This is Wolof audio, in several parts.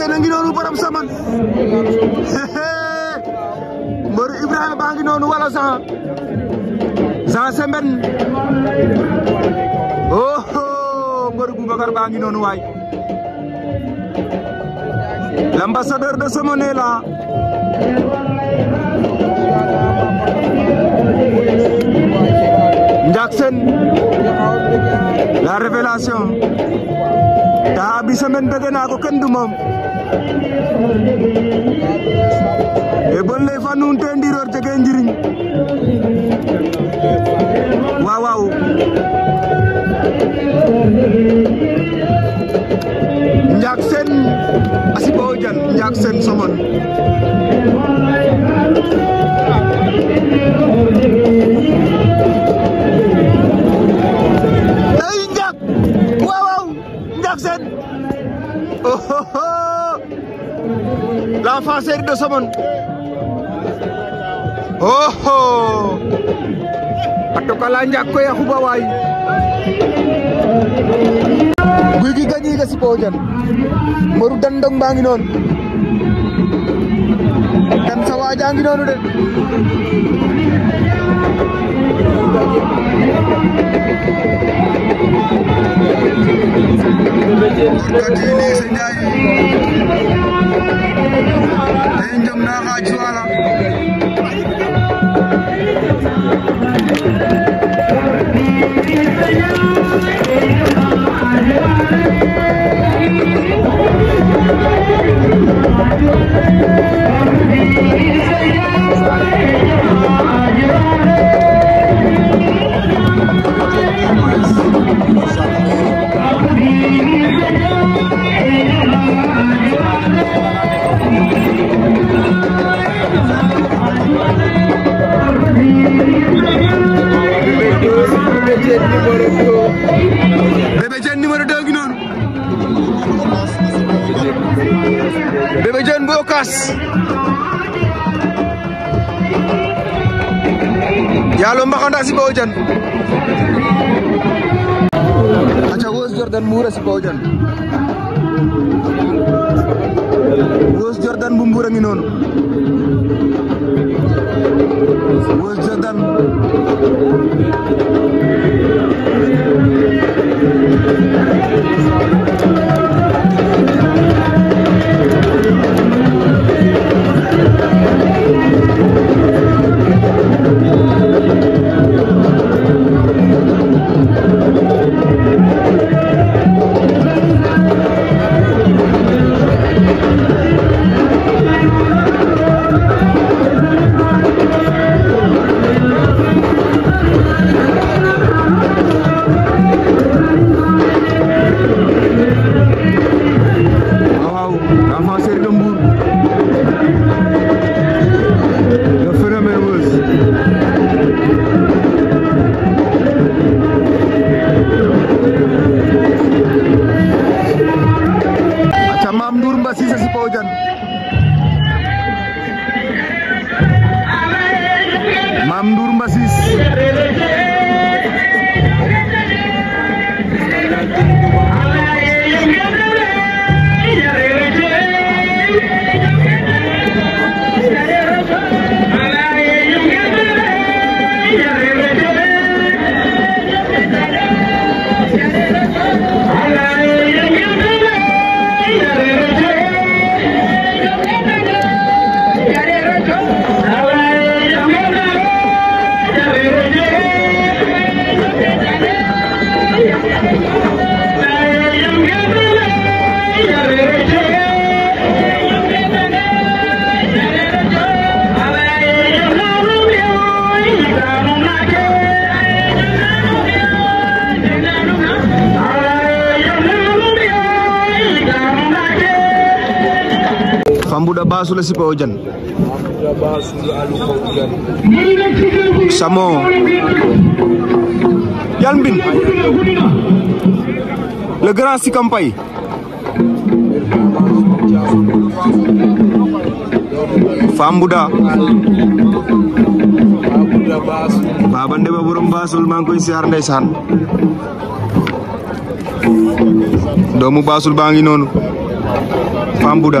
Seen a ngi saman mbaru Ibrahima baa ngi noonu wala Jean Jean Sembène oh mbaru baa ngi noonu waay l'ambassadeur de Somonela la la révélation taa bi semaine bëgg naa kenn du moom e bon ley fa nuun te ndiroor jege njiriñ waaw waaw Njaak Seen a siɓa o jan Seen Somone la série de Somone oho atokala njako ya huba Gigi guy gi gañi ga sipo jan maru dandong bangi non kan sawa jangi nonu de Kadini senjai Bindam Naaxa Juwaala Diène numéro 2 Bébé Diène numéro 2 gi noonu Bébé Diène bu Okas ya, si Bawo Jordan bumbu si Jordan bu Mboura जितनि Fawdiane Mame Ndour Mbassis wala sipa o jan samo yalmbin le grand sikampay fambuda baba ndeba borom basul mang koy siar ndaysan basul bangi nonu fambuda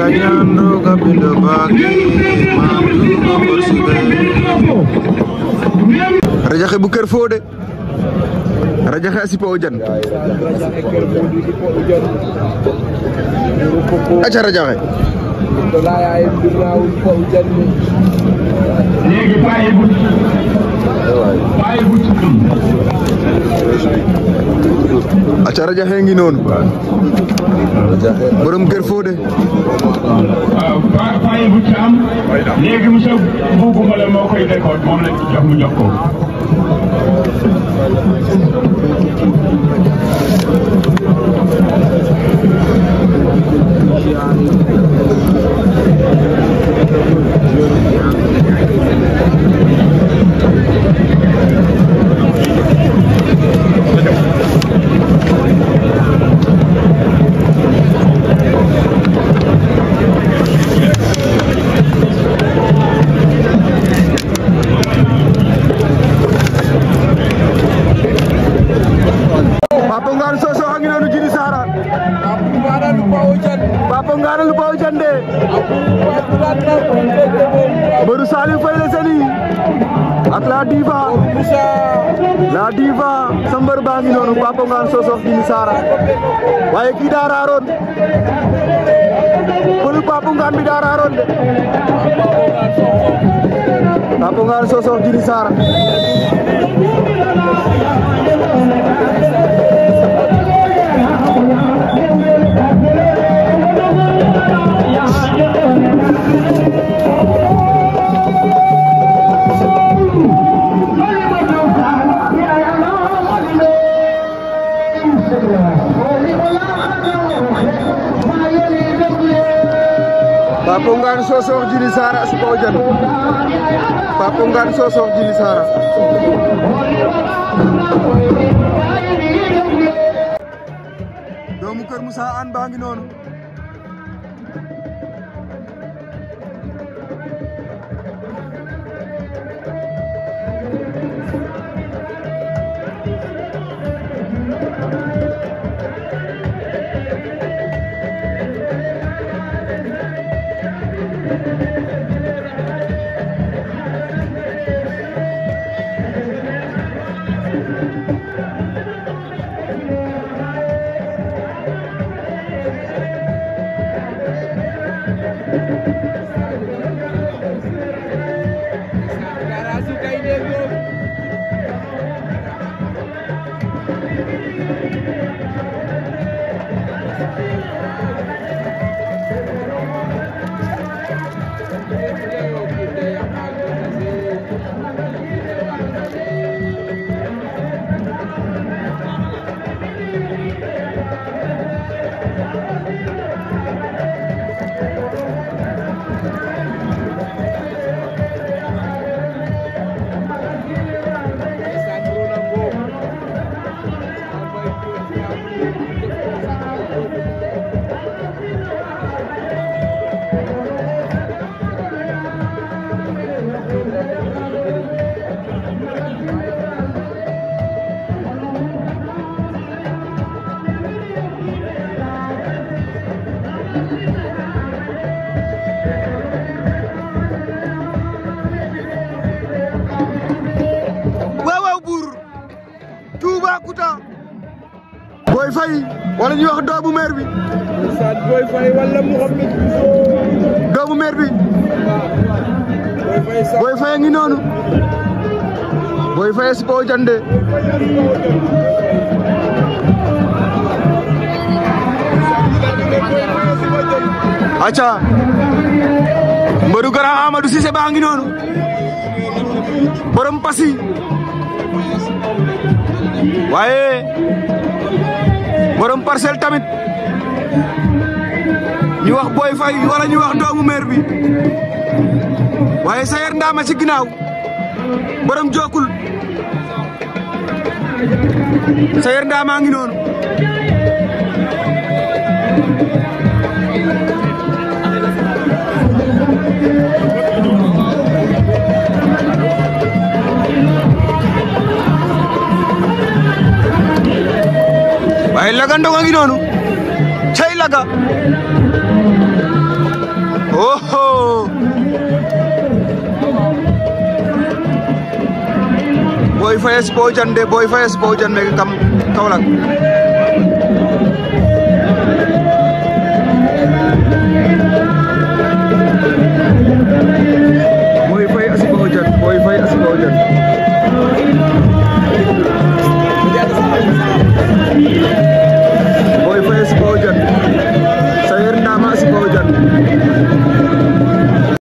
kayando kapindo bagi mamdu borsude rajaxe bu ker fode Raja sipa ojan acha rajaxe non borom kër Fodé. waaw fay bu ci am léegi monsieur Boubou moo koy décote moom la jox mu jox ko. ak la diva la diva baa ngi noonu Papa Ngane Sossox di Misara waaye kii daa raaroon pëlu Papa Ngane bi daa de Papa Ngane Sossox di Misara Djily Sarr a sik o jan Pape Ngane Sosokh Djily Sarr doomu Kër Moussa Anne baa ngi noonu Faye wala ñuy wax doomu maire bi. Ndeysaan Boy ngi noonu. Boy Faye si kaw jande. acca mbëru Grand Amadou Cissé baa ngi noonu borom pasi waaye borom parcelle tamit ñu wax Boy Faye wala ñu wax doomu meer bi waaye Sayer Ndama ci ginnaaw borom jokul Sayer Ndama ngi noonu laga ndong a ngi noonu cey laga oho boy fayes bo jande boy fayes bo jande kam Kaolack